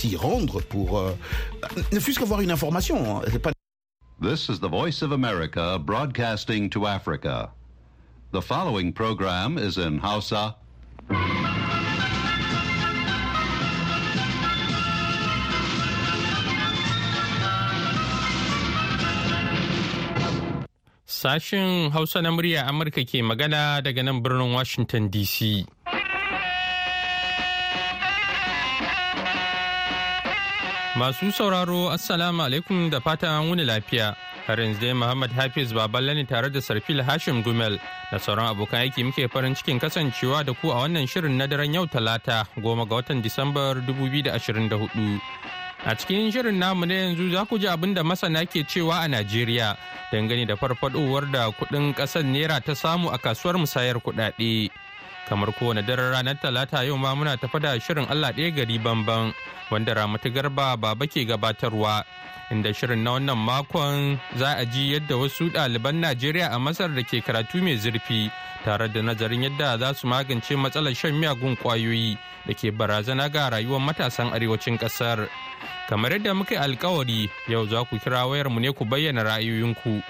s'y rendre pour euh, bah, ne fût-ce qu'avoir une information. Hein. Pas... This is the voice of America broadcasting to Africa. The following program is in Hausa. Sashen Hausa na murya Amurka ke magana daga nan birnin Washington DC. Masu sauraro Assalamu alaikum da fatan wuni lafiya. Har yanzu dai Muhammad Hafiz Baballe ne tare da Sarfil Hashim Gumel da sauran abokan aiki muke farin cikin kasancewa da ku a wannan shirin na daren yau Talata goma ga watan Disambar 2024. A cikin shirin namu na yanzu za ku ji abin da masana ke cewa a Najeriya dangane da farfadowar da kuɗin ƙasar Naira ta samu a kasuwar musayar kuɗaɗe. kamar kowane daren ranar talata yau ma muna tafa da shirin allah ɗaya gari banban wanda ramatu garba baba ke gabatarwa inda shirin na wannan makon za a ji yadda wasu ɗaliban najeriya a masar da ke karatu mai zurfi tare da nazarin yadda za su magance matsalar shan miyagun ƙwayoyi da ke barazana ga rayuwar matasan arewacin ƙasar kamar yadda muka yi alkawari yau za ku kira wayarmu ne ku bayyana ra'ayoyinku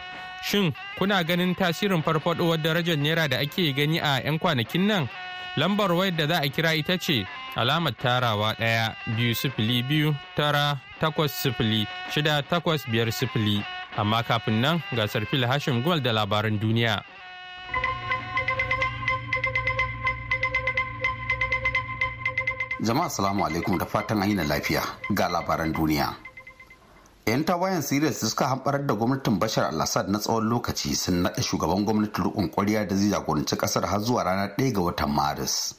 Shin kuna ganin tasirin farfadowar darajar naira da ake gani a 'yan kwanakin nan? Lambar wayar da za a kira ita ce alamar tarawa ɗaya biyu sifili biyu tara takwas sifili shida takwas biyar sifili. Amma kafin nan gasar fil Hashim Gwal da labaran duniya. Jama'a salamu alaikum da fatan an lafiya ga labaran duniya. 'yan tawayen siriya suka hamɓar da gwamnatin bashar al-assad na tsawon lokaci sun naɗa shugaban gwamnatin rukun kwariya da zai jagoranci ƙasar har zuwa ranar 1 ga watan maris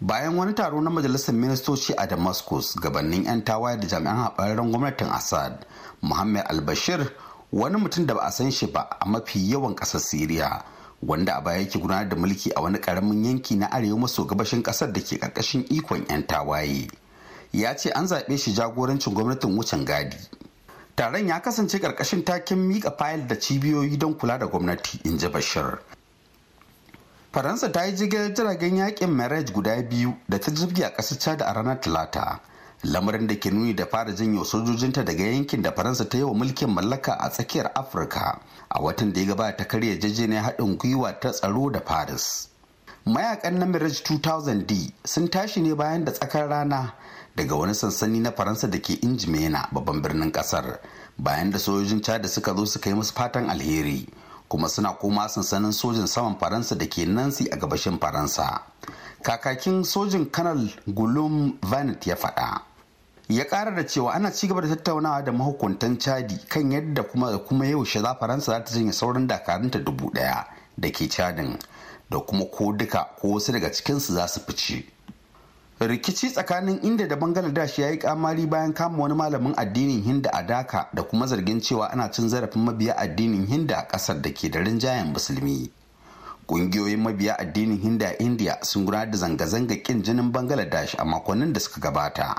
bayan wani taro na majalisar ministoci a damascus gabanin 'yan tawaye da jami'an haɓararren gwamnatin assad muhammad al-bashir wani mutum da ba a san shi ba a mafi yawan ƙasar siriya wanda a baya yake gudanar da mulki a wani ƙaramin yanki na arewa maso gabashin ƙasar da ke ƙarƙashin ikon 'yan tawaye ya ce an zaɓe shi jagorancin gwamnatin wucin gadi taron ya kasance ƙarƙashin takin mika fayil da cibiyoyi don kula da gwamnati in ji bashir faransa ta yi jigilar jiragen yakin Marej guda biyu da ta jirgi a ƙasar chad a ranar talata lamarin da ke nuni da fara janyo sojojinta daga yankin da faransa ta yi wa mulkin mallaka a tsakiyar afirka a watan da ya gabata ta karya jejjeniyar haɗin gwiwa ta tsaro da paris mayakan na mirage 2000d sun tashi ne bayan da tsakar rana daga wani sansani na faransa da ke injimena babban birnin kasar bayan da sojojin chad suka zo suka yi musu fatan alheri kuma suna koma sansanin sojin saman faransa da ke nansi a gabashin faransa kakakin sojin kanal gulum vanet ya faɗa ya ƙara da cewa ana ci gaba da tattaunawa da mahukuntan chadi kan yadda kuma kuma yaushe za faransa za ta janye sauran dakarunta dubu ɗaya da ke Chadin, da kuma ko duka ko wasu daga cikinsu za su fice rikici tsakanin inda da bangladesh ya yi kamari bayan kama wani malamin addinin hinda a daka da kuma zargin cewa ana cin zarafin mabiya addinin hinda a kasar da ke da rinjayen musulmi Ƙungiyoyin mabiya addinin hinda a india sun gudanar da zanga-zanga kin jinin bangladesh a makonnin da suka gabata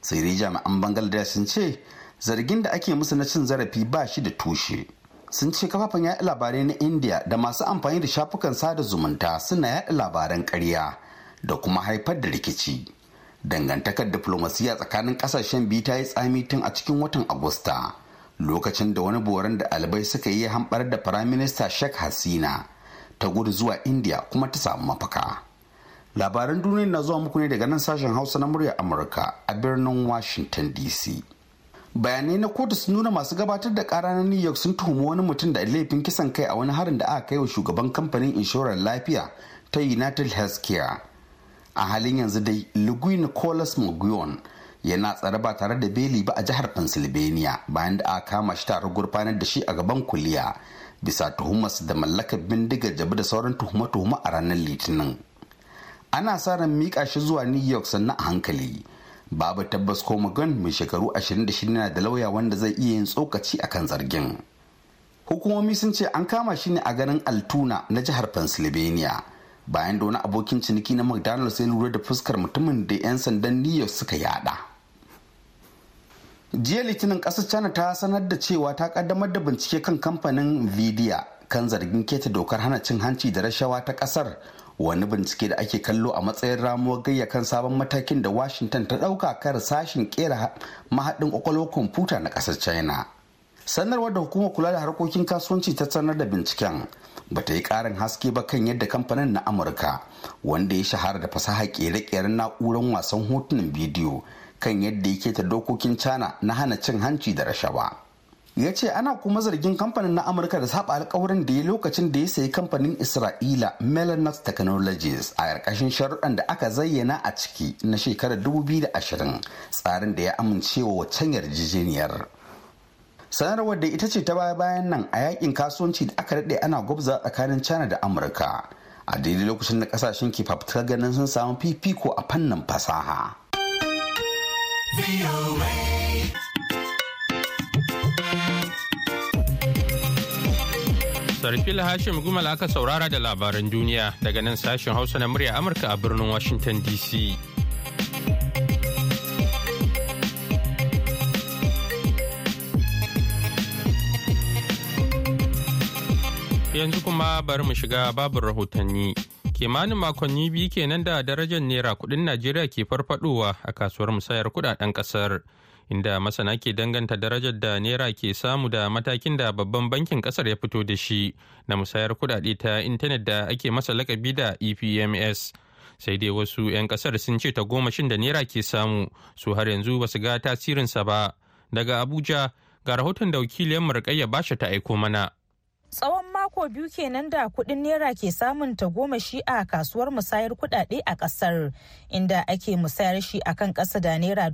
sai dai jami'an bangladesh sun ce zargin da ake musu na cin zarafi ba shi da tushe sun ce kafafen yaɗa labarai na india da masu amfani da shafukan sada zumunta suna yaɗa labaran ƙarya da kuma haifar da rikici dangantakar Diplomasiya tsakanin kasashen biyu ta yi tsami tun a cikin watan agusta lokacin da wani boran da albai suka yi hambar da firaminista Sheikh hasina ta gudu zuwa india kuma ta samu mafaka labaran duniya na zuwa muku ne daga nan sashen hausa na muryar amurka a birnin washington dc bayanai na kotu sun nuna masu gabatar da kara na new york sun tuhumi wani mutum da laifin kisan kai a wani harin da aka kai wa shugaban kamfanin inshorar lafiya ta united healthcare a halin yanzu dai lugui nicholas mcguion yana tsare ba tare da beli ba a jihar pennsylvania bayan da aka kama shi tare gurfanar da shi a gaban kuliya bisa tuhumar da mallakar bindiga jabi da sauran tuhuma-tuhuma a ranar litinin ana sa ran mika shi zuwa new york sannan a hankali babu tabbas ko magan mai shekaru 26 na da lauya wanda zai iya yin tsokaci akan zargin hukumomi sun ce an kama shi ne a garin altuna na jihar pennsylvania bayan da wani abokin ciniki na mcdonald's sai lura da fuskar mutumin da 'yan sandan new york suka yada jiya litinin ƙasar china ta sanar da cewa ta kaddamar da bincike kan kamfanin nvidia kan zargin keta dokar hana cin hanci da rashawa ta kasar wani bincike da ake kallo a matsayin ramuwar gayya kan sabon matakin da washington ta ɗauka kan sashin kera mahaɗin kwakwalwar kwamfuta na kasar china sanarwar da hukumar kula da harkokin kasuwanci ta sanar da binciken ba ta yi karin haske ba kan yadda kamfanin na amurka wanda ya shahara da fasaha kere-keren na'urar wasan hotunan bidiyo kan yadda yake ta dokokin china na hana cin hanci da rashawa ya ce ana kuma zargin kamfanin na amurka da saba alkawarin da ya lokacin da ya sayi kamfanin isra'ila melanox technologies a ƙarƙashin sharuɗan da aka zayyana a ciki na shekarar 2020 tsarin da ya amincewa wa can yarjejeniyar sanarwar da ita ce ta baya bayan nan a yakin kasuwanci da aka daɗe ana gwabza tsakanin china da amurka a daidai lokacin da kasashen ke fafutukar ganin sun samu fifiko a fannin fasaha sarfil hashim gumal aka saurara da labaran duniya daga nan sashen hausa na murya amurka a birnin washington dc yanzu kuma bari mu shiga babin rahotanni kimanin makonni biyu kenan da darajar naira kudin najeriya ke farfadowa a kasuwar musayar kudaden kasar inda masana ke danganta darajar da naira ke samu da matakin da babban bankin kasar ya fito da shi na musayar kudade ta intanet da ake masa lakabi da epms sai dai wasu 'yan kasar sun ce ta gomashin da naira ke samu su har yanzu ba su ga tasirinsa ba daga abuja ga rahoton da wakiliyar ba shi ta aiko mana tsawon mako biyu kenan da kudin naira ke samun tagomashi a kasuwar musayar kudade a kasar inda ake musayar shi a kan kasa da naira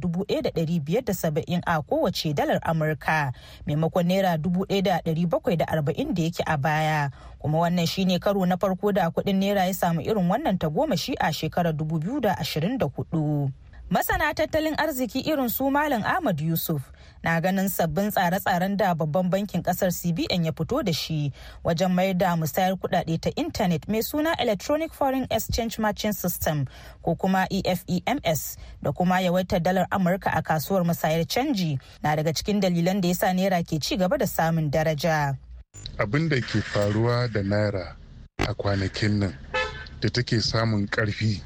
saba'in a kowace dalar amurka maimakon naira 1,740 da bakwai da da arba'in yake a baya kuma wannan shine karo na farko da kudin naira ya samu irin wannan tagomashi a shekarar dubu biyu da da ashirin hudu. masana tattalin arziki irin su malam ahmad yusuf na ganin sabbin tsare-tsaren da babban bankin kasar cbn ya fito da shi wajen mayar da musayar kudade ta intanet mai suna electronic foreign exchange matching system ko kuma efems da kuma yawaitar dalar amurka a kasuwar musayar canji na daga cikin dalilan da yasa naira ke ci gaba da samun daraja abin da ke faruwa da naira a kwanakin nan da take samun karfi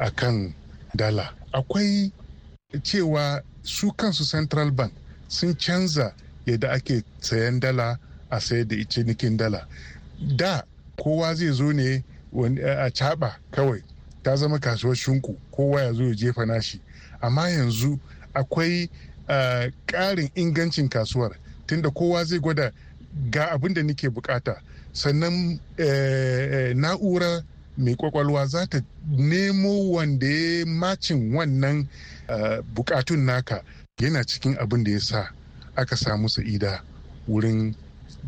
a kan dala akwai cewa su kansu central bank sun canza yadda ake sayan dala a sayar da cinikin dala da kowa zai zo ne eh, a caba kawai ta zama kasuwar shunku kowa ya zo ya jefa nashi amma yanzu akwai eh, ƙarin ingancin kasuwar tunda kowa zai gwada ga abin da nake bukata sannan eh, na'urar. mai kwakwalwa za ta nemo wanda ya macin wannan eh, bukatun naka yana cikin abin da ya sa aka samu sa'ida wurin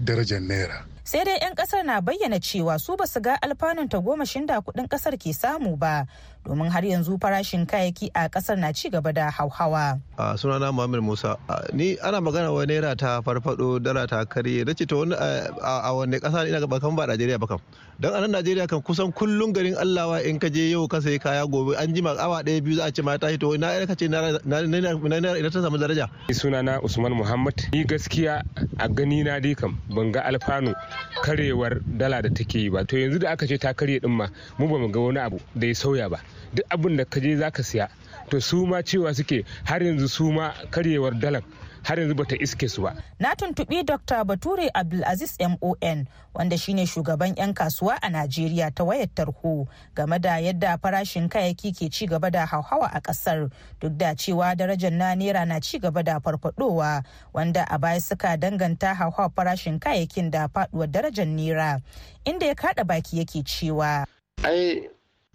darajar naira sai dai 'yan kasar na bayyana cewa su ba su ga alfanun tagomashin da kudin kasar ke samu ba domin har yanzu farashin kayayyaki a kasar na ci gaba da hauhawa. a sunana muhammad musa ni ana magana wa naira ta farfado dala ta karye na ta wani a wani kasa ina ga bakan ba najeriya bakan don a nan najeriya kan kusan kullum garin allawa in ka je yau ka sai kaya gobe an jima awa ɗaya biyu za a ce ma ta hito ina ka ce na ina ta samu daraja. sunana usman muhammad ni gaskiya a gani na dai kam ban ga alfanu karewar dala da take yi ba to yanzu da aka ce ta karye din ma mu ba mu ga wani abu da ya sauya ba duk abin da ka je zaka siya to su ma cewa suke har yanzu su ma karyewar dalar har yanzu bata iske su ba. Na tuntuɓi Dr. Bature Abdulaziz MON wanda shine shugaban 'yan kasuwa a Najeriya ta wayar tarho game da yadda farashin kayayyaki ke ci gaba da hauhawa a ƙasar duk da cewa darajar na naira na ci gaba da farfadowa wanda a baya suka danganta hauhawa farashin kayayyakin da faduwar darajar naira inda ya kada baki yake cewa. Ai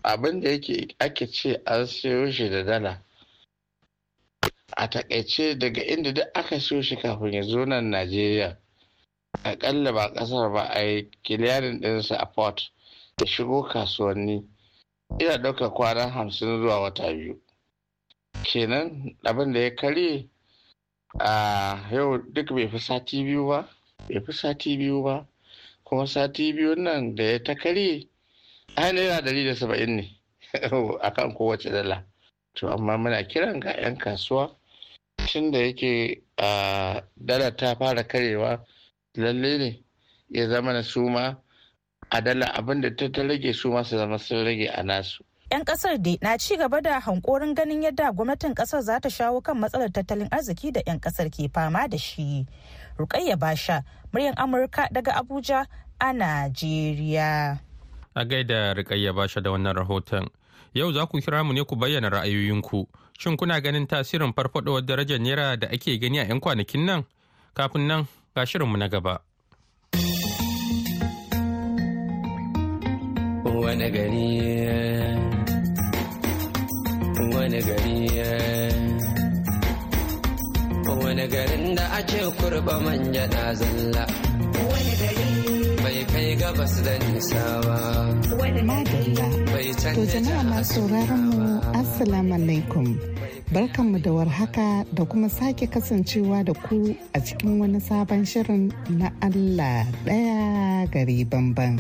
abin da yake ake ce an siyo shi da dala a takaice daga inda duk aka siyo shi kafin ya zo nan najeriya akalla ba kasar ba a yi kiliyarin ɗinsa a port da shigo kasuwanni ina ɗauka kwanan hamsin zuwa wata biyu kenan abin da ya karye a yau duk bai fi sati biyu ba bai fi sati biyu ba kuma sati biyu nan da ya ta karye a naira dari da saba'in ne akan kowace dala to amma muna kiran ga 'yan kasuwa shin da yake a dala ta fara karewa lalle ne ya zama na suma a dala abinda ta ta rage suma su zama sun rage a nasu 'yan kasar dai na ci gaba da hankorin ganin yadda gwamnatin kasar za ta shawo kan matsalar tattalin arziki da 'yan kasar ke fama da shi rukayya basha muryan amurka daga abuja a najeriya a gaida rukayya basha da wannan rahoton yau za ku kira mu ne ku bayyana ra'ayoyinku Shin kuna ganin tasirin farfadowar darajar naira da ake gani a 'yan kwanakin nan? Kafin nan ga shirinmu na gaba. Wani gari wani gari wani garin da ake kurba manja na zalla. Wani gari bai kai gabas da nisa ba. Madalla, to jama'a masu mu Assalamu alaikum. Barkanmu da warhaka da kuma sake kasancewa da ku a cikin wani sabon shirin na Allah ɗaya gari banban.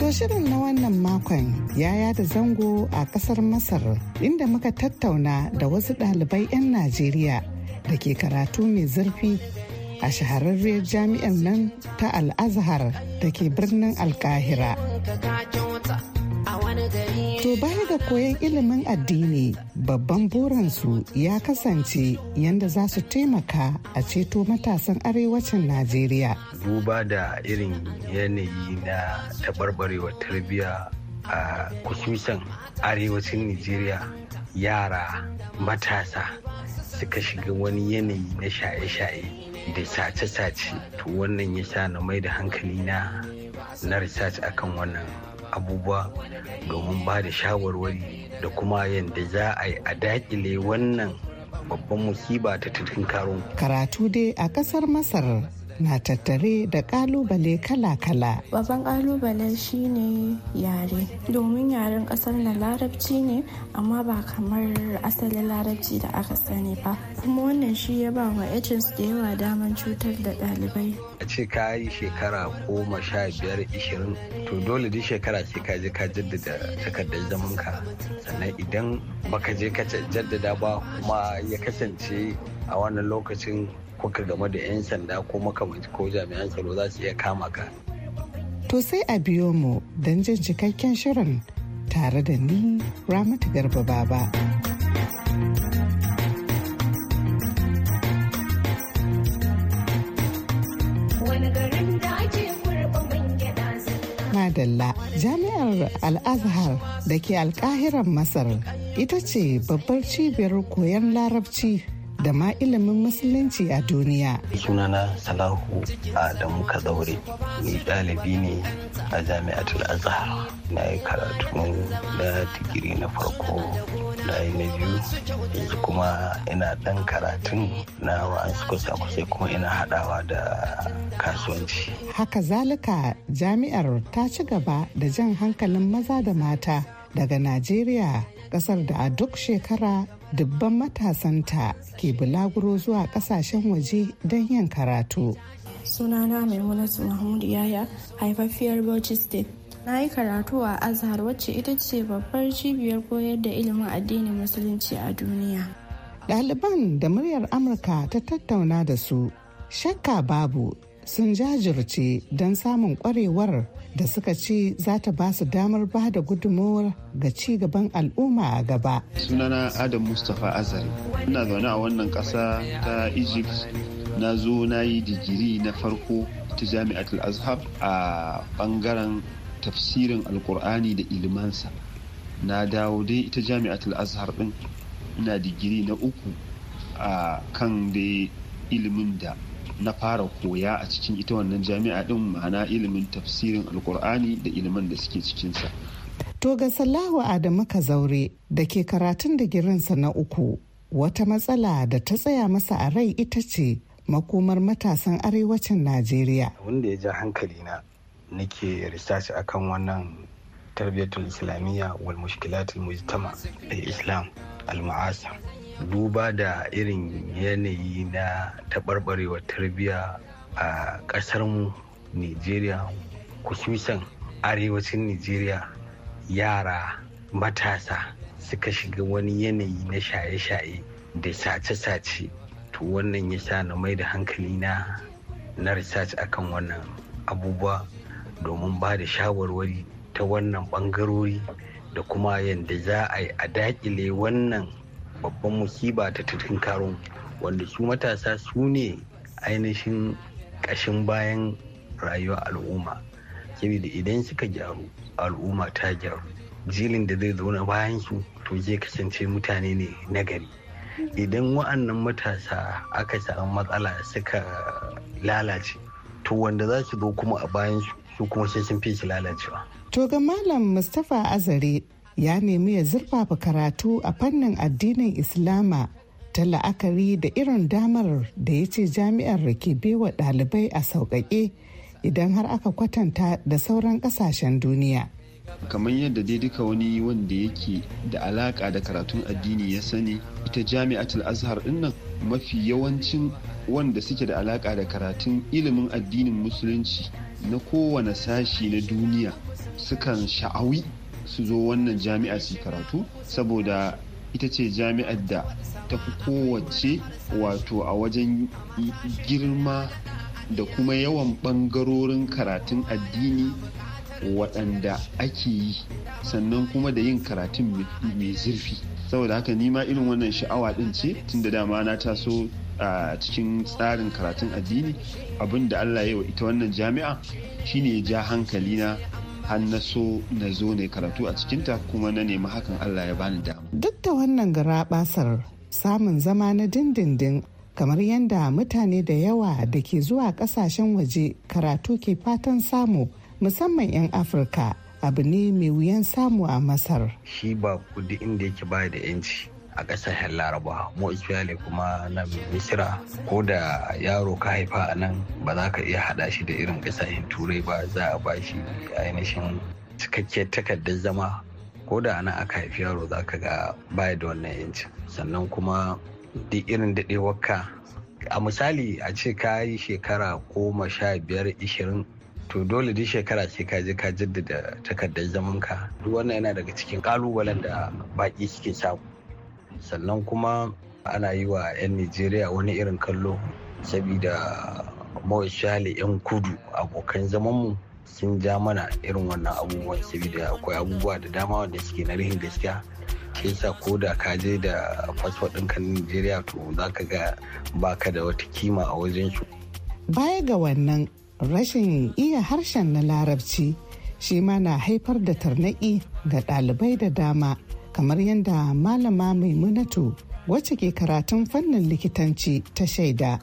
To shirin na wannan makon ya yada zango a ƙasar Masar inda muka tattauna da wasu ɗalibai 'yan Najeriya da ke karatu mai zurfi a shahararriyar jami'an nan ta al da ke birnin Alkahira. To baya ga koyon ilimin addini babban buransu ya kasance yadda za su taimaka a ceto matasan arewacin Najeriya. Duba da irin yanayi na taɓarɓarewar tarbiyya a kususan arewacin Najeriya yara matasa suka shiga wani yanayi na shaye-shaye da sace-sace to wannan ya sa na mai da hankali na na research akan wannan abubuwa domin ba da shawarwari da kuma yadda za a yi a dakile wannan babban musiba ta karo. Karatu dai a kasar Masar na tattare da kalubale kala-kala. Babban kalubale shine yare, domin yaren kasar na larabci ne amma ba kamar asalin larabci da aka sani ba. Kuma wannan shi ya ba wa agents da yawa daman cutar da ɗalibai. A ce ka yi shekara goma sha biyar ishirin to dole duk shekara ce ka je ka jaddada takardar ka sannan idan baka je ka jaddada ba kuma ya kasance a wannan lokacin kuka game da 'yan sanda ko makamanci ko jami'an tsaro za su iya kama ka. To sai a biyo mu don jin cikakken shirin tare da ni Ramatu Garba Baba. Madalla Jami'ar Al-Azhar da ke alkahiran Masar ita ce babbar cibiyar koyon larabci da ma ilimin musulunci a duniya. Sunana Salahu Adamu Kazaure, ni ɗalibi ne a Jami'atul Azhar. Na yi karatu na digiri na farko na yi na biyu, yanzu kuma ina ɗan karatun na su kusa kuma ina haɗawa da kasuwanci. Haka zalika jami'ar ta ci gaba da jan hankalin maza da mata daga Najeriya kasar da a duk shekara dubban matasanta ke bulaguro zuwa kasashen waje don yin karatu. sunana maimunatu mahmud yaya haifafiyar bauchi state na yi karatu a azhar wacce ita ce babbar cibiyar koyar da ilimin addinin musulunci a duniya ɗaliban da muryar amurka ta tattauna da su shakka babu sun jajirce don samun ƙwarewar. da suka ce za ta ba su damar ba da gudunmawar ga ci gaban al'umma a gaba. Sunana Adam Mustapha Azari. Ina zaune a wannan kasa ta Egypt na zo na yi digiri na farko ta Jami'atul Azhar a bangaren tafsirin alkur'ani da ilimansa. Na dawo dai ita Jami'atul Azhar ɗin ina digiri na uku a kan da ilimin da na fara koya a cikin ita wannan jami'a din ma'ana ilimin tafsirin alkur'ani da ilimin da suke cikinsa to ga sallahu adamu kazaure da ke karatun da girinsa na uku wata matsala da ta tsaya masa a rai ita ce makomar matasan arewacin najeriya wanda ya ja hankali na nake research akan wannan tarbiyatul islamiyya wal mushkilatul mujtama da islam al duba da irin yanayi na taɓarɓarewar tarbiyya a ƙasarmu nigeria kususan arewacin nigeria yara matasa suka shiga wani yanayi na shaye-shaye da sace-sace to wannan ya sa na mai da hankali na na research akan wannan abubuwa domin ba da shawarwari ta wannan ɓangarori da kuma yadda za a yi a daƙile wannan babban musiba ta tutun karon wanda su matasa su ne ainihin kashin bayan rayuwar al'umma saboda idan suka gyaru al'umma ta gyaru jilin da zai zauna bayan su to zai kasance mutane ne nagari idan wa'annan matasa aka samu matsala suka lalace to wanda za su zo kuma a bayan su kuma sai sun fi shi lalacewa to ga malam mustapha azare ya nemi ya zurfafa karatu a fannin addinin islama ta la'akari da irin damar da ya ce jami'ar da bewa dalibai a sauƙaƙe idan har aka kwatanta da sauran ƙasashen duniya kamar yadda dai duka wani wanda yake da alaƙa da karatun addini ya sani ita jami'atul azhar dinnan mafi yawancin wanda suke da alaƙa da karatun ilimin addinin musulunci na kowane sashi na duniya sukan sha'awi su zo wannan jami'a su karatu saboda ita ce jami'ar da ta fi kowace wato a wajen girma da kuma yawan ɓangarorin karatun addini waɗanda ake yi sannan kuma da yin karatun mai zurfi saboda haka nima irin wannan sha'awa ɗin ce tun da dama na taso a cikin tsarin karatun addini abin da allah ya wa ita wannan jami'a shine ya ja hankalina har na so na zo ne karatu a cikinta kuma na nemi hakan Allah ya bani dama. Duk da wannan garaɓasar samun zama na dindindin kamar yadda mutane da yawa da ke zuwa kasashen waje karatu ke fatan samu musamman 'yan Afirka abu ne mai wuyan samu a Masar. Shi ba kudi inda yake baya da 'yanci. a yan laraba mu especially kuma na misira ko da yaro ka haifa a nan ba za ka iya haɗa shi da irin ƙasashen turai ba za a ba shi ainihin cikakkiyar takardar zama ko da ana aka haifi yaro za ka ga baya da wannan yanci sannan kuma duk irin daɗe waka. a misali a ce ka yi shekara goma sha biyar ishirin to dole duk shekara ce ka je ka jaddada takardar zamanka. duk wannan yana daga cikin kalubalen da baki suke samu sannan kuma ana yi wa 'yan nigeria wani irin kallo sabida mawashali 'yan kudu abokan zamanmu sun ja mana irin wannan abubuwan sabida akwai abubuwa da dama wanda suke na rihin gaskiya sa ko da ka je da fasfo ɗinka na nigeria to za ka ga baka da wata kima a wajen su. Baya ga wannan rashin iya harshen na larabci shi ma na haifar da tarnaƙi ga ɗalibai da dama kamar yadda malama maimunatu wacce ke karatun fannin likitanci ta shaida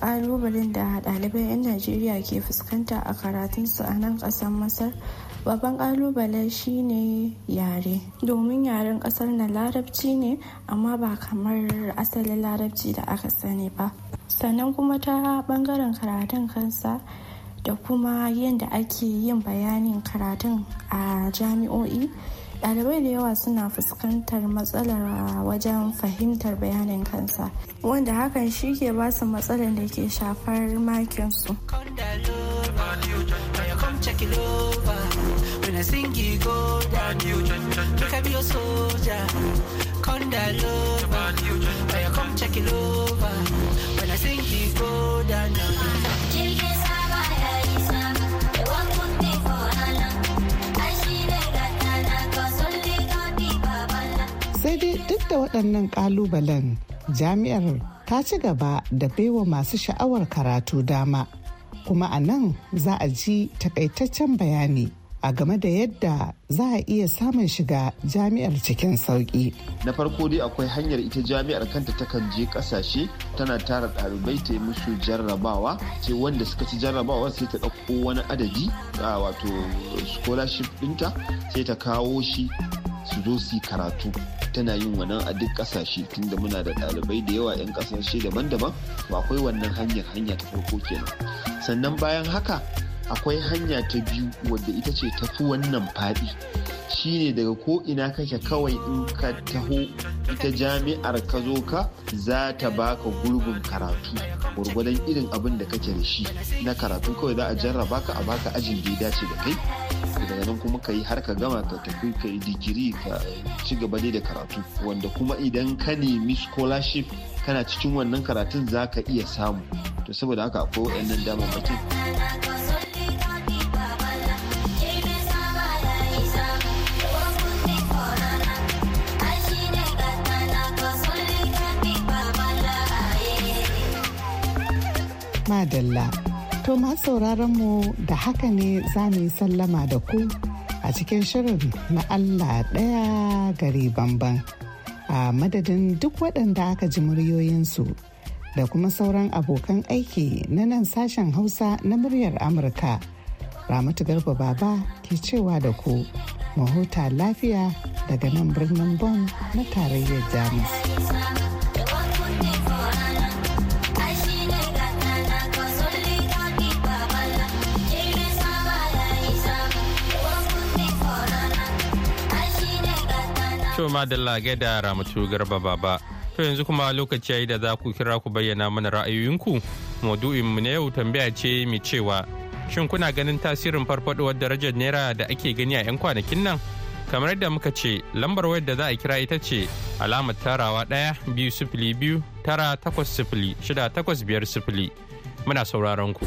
ƙalubalen da ɗaliban 'yan najeriya ke fuskanta a karatunsu a nan ƙasar masar babban ƙalubale shine yare domin yaren ƙasar na larabci ne amma ba kamar asalin larabci da aka sani ba sannan kuma ta ɓangaren karatun kansa da kuma yadda ake yin bayanin karatun a jami'o'i ɗalibai da yawa suna fuskantar matsalar wajen fahimtar bayanin kansa wanda hakan shi ke basu matsalar da ke shafar makinsu Come duk da waɗannan ƙalubalen jami'ar ta ci gaba da baiwa masu sha'awar karatu dama kuma a nan za a ji takaitaccen bayani a game da yadda za a iya samun shiga jami'ar cikin sauƙi. Na farko dai akwai hanyar ita jami'ar kanta takan je kasashe tana tara ɗalibai ta yi musu jarrabawa sai wanda suka ci jarrabawa sai ta ɗauko wani adadi a wato scholarship ɗinta sai ta kawo shi su zo su yi karatu tana yin wannan a duk kasashe tunda muna da ɗalibai da yawa 'yan kasashe daban-daban to akwai wannan hanyar hanya ta farko kenan sannan bayan haka akwai hanya ta biyu wadda ita ce tafi wannan faɗi shine daga ko ina kake kawai in ka taho ita jami'ar ka zo ka za ta baka gurbin karatu gwargwadon irin abin da kake da shi na karatu kawai za a jarraba ka a baka ajin da ya dace da kai daga eh, nan kuma ka yi har ka gama ka tafi ka yi digiri ka ci gaba dai da karatu wanda kuma idan ka nemi scholarship kana cikin wannan karatun za ka iya samu to saboda haka akwai waɗannan damammakin Madalla To masu sauraron mu da haka ne za mu yi sallama da ku a cikin shirin na Allah ɗaya gari bamban. A madadin duk waɗanda aka ji muryoyinsu da kuma sauran abokan aiki na nan sashen Hausa na muryar Amurka. Ramatu Garba Baba ke cewa da ku mahuta lafiya daga nan birnin Bon na tarayyar Jamus. To madalla da ramatu garba baba. To yanzu kuma lokaci yayi da za ku kira ku bayyana mana ra'ayoyinku. Maudu'in mu na yau tambaya ce mi cewa shin kuna ganin tasirin farfadowar darajar naira da ake gani a 'yan kwanakin nan? Kamar yadda muka ce lambar wayar da za a kira ita ce alamar tarawa ɗaya biyu sifili biyu tara takwas sifili shida takwas biyar sifili. Muna sauraron ku.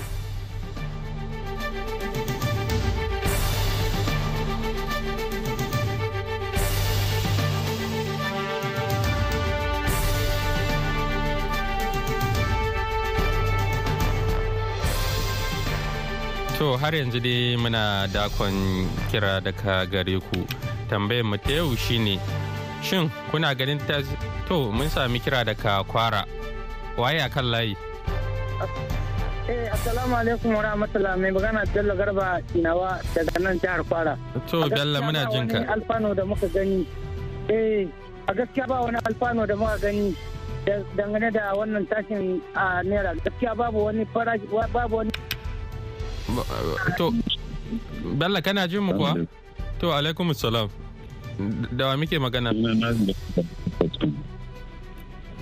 har yanzu dai muna dakon kira daga gare ku. Tambayar mu ta yau shine shin kuna ganin ta to mun sami kira daga kwara waye a kan layi. Eh assalamu alaikum wa rahmatullah mai magana Bello Garba Inawa daga nan jihar Kwara. To Bello muna jin ka. Alfano da muka gani. Eh a gaskiya ba wani alfano da muka gani dangane da wannan tashin a naira gaskiya babu wani farashi babu wani to bella kana jin mu kuwa to alaikum salam da wa muke magana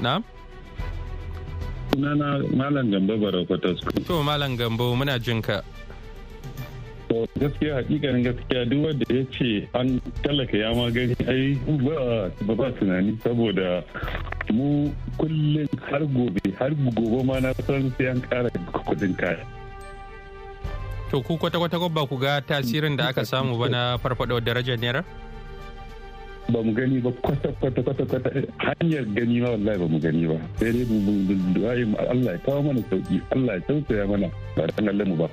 na Nana malam gambo barakwatasku to malam gambo muna jin ka to gaskiya hakikanin gaskiya duk wanda ya ce an talaka ya gani ai ba ba tunani saboda mu kullum har gobe har gobe ma na san sai an kara kudin kaya to ku kwata-kwata ba ku ga tasirin da aka samu ba na farfadowar darajar naira ba mu gani ba kwata kwata kwata kwata hanyar gani ma wallahi ba mu gani ba sai dai du'a'i Allah ya kawo mana sauki Allah ya tausaya mana ba dan Allah mu ba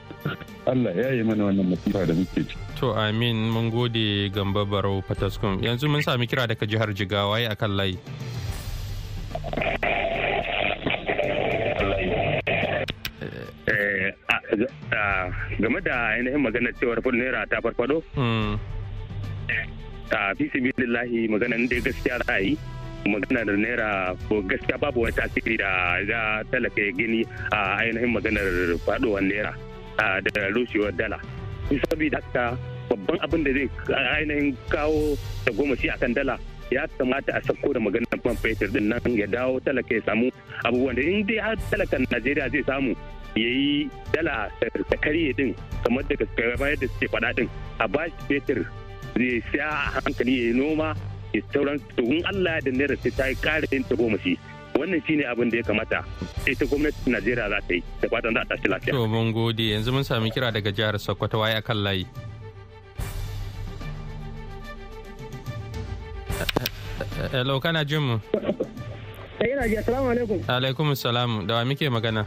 Allah ya yi mana wannan masifa da muke ci to amin mun gode gamba barau fataskum yanzu mun sami kira daga jihar Jigawa akan layi game da ainihin magana cewar naira ta farfado hmm. a fi sibilillahi magana da gaskiya ra'ayi maganar naira ko gaskiya babu wani tasiri da ya talaka ya gini a ainihin maganar faduwar naira da rushewar dala da haka babban abin da zai ainihin kawo da goma shi akan dala ya kamata a sako da maganar man fetur din nan ya dawo talaka ya samu abubuwan da in dai har talakan najeriya zai samu ya yi dala ta karye din kamar daga bayar da suke faɗa din a bashi fetur zai siya a hankali ya yi noma ya sauran in Allah da naira sai ta yi ƙara yin tagomashi wannan shine abin da ya kamata ita gwamnati Najeriya za ta yi da fatan za a tashi lafiya. To mun gode yanzu mun sami kira daga jihar Sokoto waye akan layi. Hello kana jin mu? Ina ji assalamu alaikum. Alaikum assalam da wa muke magana?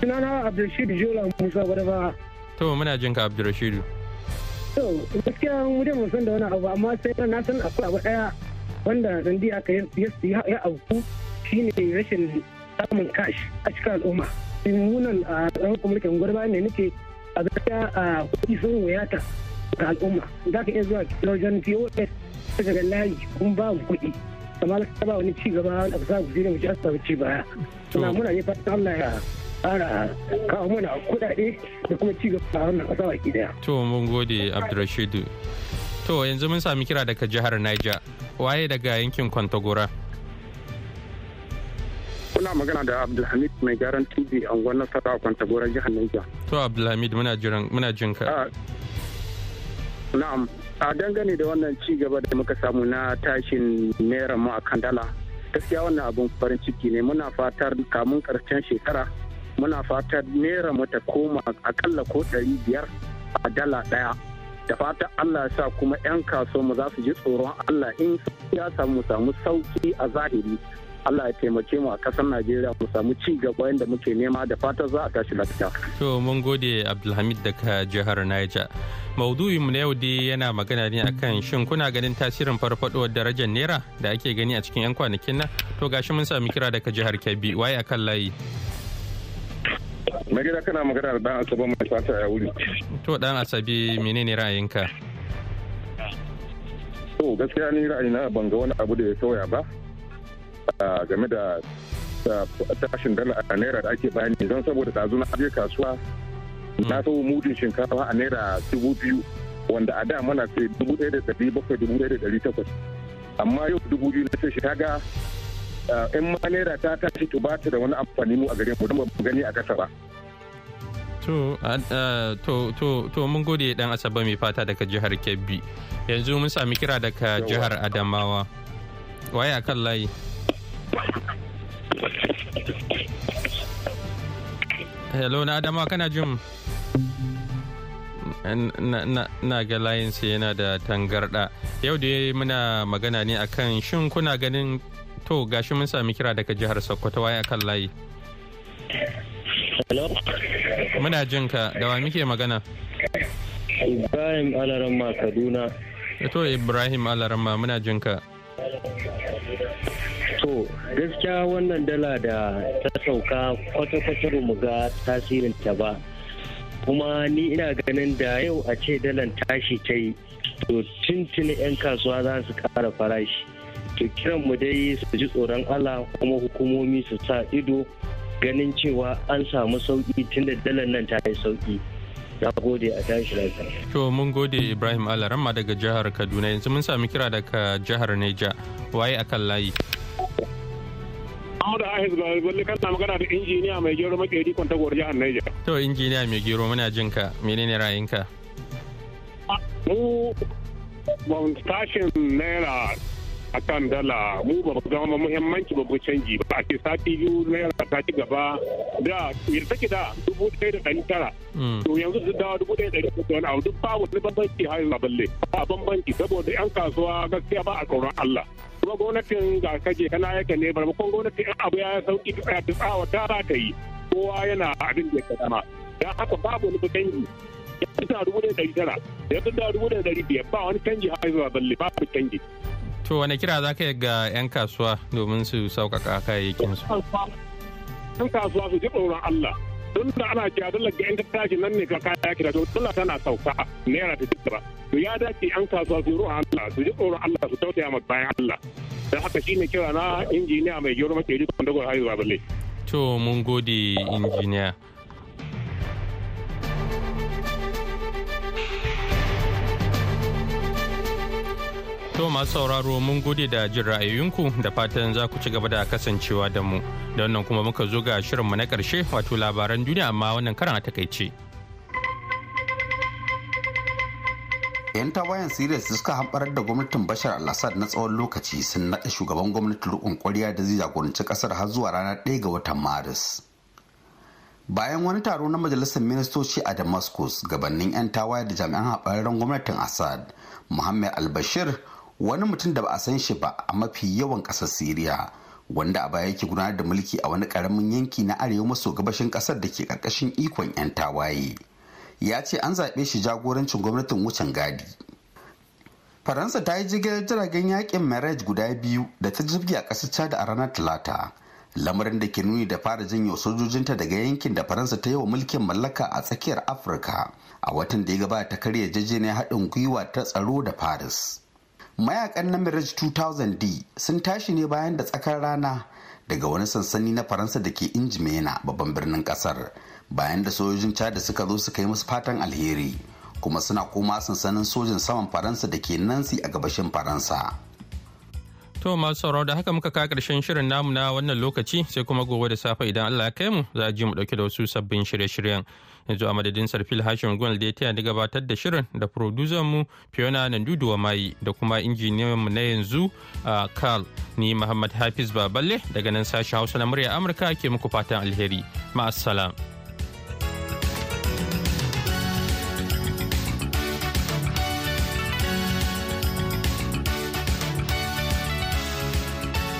sunana abdulrashid jola musa gwadaba to muna jin ka abdulrashid to gaskiya mu dai mun san da wani abu amma sai na san akwai abu ɗaya wanda dandi aka ya auku shine rashin samun cash a cikin al'umma munan a ɗan kumurkin gwarba ne nake a gaskiya a kuɗi sun wuyata ga al'umma za ka iya zuwa lojan pos daga layi kun ba babu kuɗi kamar ka ba wani ci gaba wani abu za ku je da mu ci asibiti baya. Muna ne fatan Allah ya ƙara kawo mana kuɗaɗe da kuma ci gaba a wannan ƙasa baki daya. To mun gode Abdulrashidu. To yanzu mun sami kira daga jihar Niger. Waye daga yankin Kwantagora? Kuna magana da Abdulhamid mai gyaran TV a wannan nasarar a Kwantagora jihar Niger. To Abdulhamid muna jiran muna jin ka. Ah, na'am, a dangane da wannan ci gaba da muka samu na tashin naira mu a kandala gaskiya wannan abun farin ciki ne muna fatar kamun karshen shekara muna fata naira mata koma akalla ko ɗari biyar a dala ɗaya da fatan Allah ya sa kuma 'yan mu za su ji tsoron Allah in ya samu samu sauki a zahiri Allah ya taimake mu a kasar Najeriya mu samu ci gaba da muke nema da fata za a tashi lafiya. To mun gode Abdulhamid daga jihar Niger. Maudu'in mu na yau dai yana magana ne akan shin kuna ganin tasirin farfadowar darajar naira da ake gani a cikin 'yan kwanakin nan? To gashi mun sami kira daga jihar Kebbi waye akan layi. mai gida kana magana da dan asabe mai fata ya wuri to dan asabe menene ra'ayinka to gaskiya ni ra'ayina ban ga wani abu da ya sauya ba game da tashin dala a naira da ake bayani don saboda da na je kasuwa na sau mudin shinkafa a naira dubu biyu wanda a da mana sai dubu ɗaya da ɗari bakwai dubu ɗaya da ɗari takwas amma yau dubu biyu na sai shi kaga Eh, in ma naira ta tashi to ba da wani amfani mu a gare mu don ba gani a kasa ba. Eh, to, mun gode dan Asaba mai fata daga jihar Kebbi. Yanzu mun sami kira daga jihar Adamawa. Waye a kan layi? Hello na Adamawa kana jin na ga layin sai yana da tangarɗa. Yau da muna magana ne akan shin kuna ganin To gashi mun sami kira daga jihar Sokoto waya kan layi. Hello. Muna jin ka da wa muke magana? Ibrahim Alaramma Kaduna. To Ibrahim Alaramma muna jin ka. To gaskiya wannan dala da ta sauka kwata-kwata mu ga tasirin ta ba. Kuma ni ina ganin da yau a ce dalan tashi ta yi to tuntuni 'yan kasuwa za su kara farashi. to kiran mu dai su ji tsoron Allah kuma hukumomi su sa ido ganin cewa an samu sauki tunda dalar nan ta yi sauki na gode a tashi lafiya. to mun gode ibrahim ramma daga jihar kaduna yanzu mun sami kira daga jihar neja waye akan layi Ahmadu Ahis Balle kan na magana da injiniya mai gero makeri kwanta gwar jihar Neja. To injiniya mai gero muna jin ka menene ra'ayinka? Ah, mu tashin naira akan dala mu ba gama muhimmanci ba mu canji ba a ce sati biyu naira ta ci gaba da ya take da dubu ɗaya da ɗari tara hmm. to yanzu su dawo dubu ɗaya da ɗari tara wani abu duk ba wani bambanci har yanzu balle ba bambanci saboda yan kasuwa gaskiya ba a tsoron Allah kuma gwamnatin ga kaje kana yake ne kuma gwamnati yan abu ya sauki ta tsawa ta ba ta yi kowa yana abin da ya kama da haka babu wani canji ya fi da dubu ɗaya da ɗari tara ya fi da dubu ɗaya da ɗari biyar ba wani canji har yanzu balle babu canji. To wane kira za ka yi ga 'yan kasuwa domin su sauƙaƙa kayayyakin su? Yan kasuwa su ji tsoron Allah. Tun da ana kira dole ga 'yan tattashi nan ne ka kaya kira to dole tana sauka naira ta ji gaba. To ya dace 'yan kasuwa su ruwa Allah su ji tsoron Allah su tausaya ma bayan Allah. Da haka shine kira na injiniya mai gero makeri haihuwa balle. To mun gode injiniya. To masu sauraro mun gode da jin ra'ayoyinku da fatan za ku ci gaba da kasancewa da mu. Da wannan kuma muka zo ga shirinmu na ƙarshe wato labaran duniya amma wannan karan a takaice. 'yan tawayen siriya suka hamɓarar da gwamnatin bashar al-assad na tsawon lokaci sun naɗa shugaban gwamnatin rukun kwariya da zai jagoranci kasar har zuwa rana ɗaya ga watan maris bayan wani taro na majalisar ministoci a damascus gabanin 'yan tawaye da jami'an haɓararren gwamnatin assad muhammad al-bashir wani mutum da ba a san shi ba a mafi yawan ƙasar siriya wanda a baya yake gudanar da mulki a wani karamin yanki na arewa maso gabashin ƙasar da ke ƙarƙashin ikon 'yan tawaye ya ce an zaɓe shi jagorancin gwamnatin wucin gadi faransa ta yi jigilar jiragen yakin marriage guda biyu da ta jirgi a ƙasar chad a ranar talata lamarin da ke nuni da fara janyo sojojinta daga yankin da faransa ta yi wa mulkin mallaka a tsakiyar afirka a watan da ya gabata ta karya jajjeniyar haɗin gwiwa ta tsaro da paris mayakan na mirage 2000d sun tashi ne bayan da tsakar rana daga wani sansani na faransa da ke injimena babban birnin kasar bayan da sojojin chad suka zo suka yi musu fatan alheri kuma suna koma sansanin sojin saman faransa da ke nansi a gabashin faransa To masu sauraro da haka muka kawo karshen shirin namu na wannan lokaci sai kuma gobe da safe idan Allah ya kai mu za a ji mu dauke da wasu sabbin shirye-shiryen. Yanzu a madadin Sarfil Hashim Gwal da ya taya da gabatar da shirin da producer mu Fiona Nanduduwa Mai da kuma injiniyan mu na yanzu a Carl ni Muhammad Hafiz Baballe daga nan sashen Hausa na murya Amurka ke muku fatan alheri. Ma'assalam.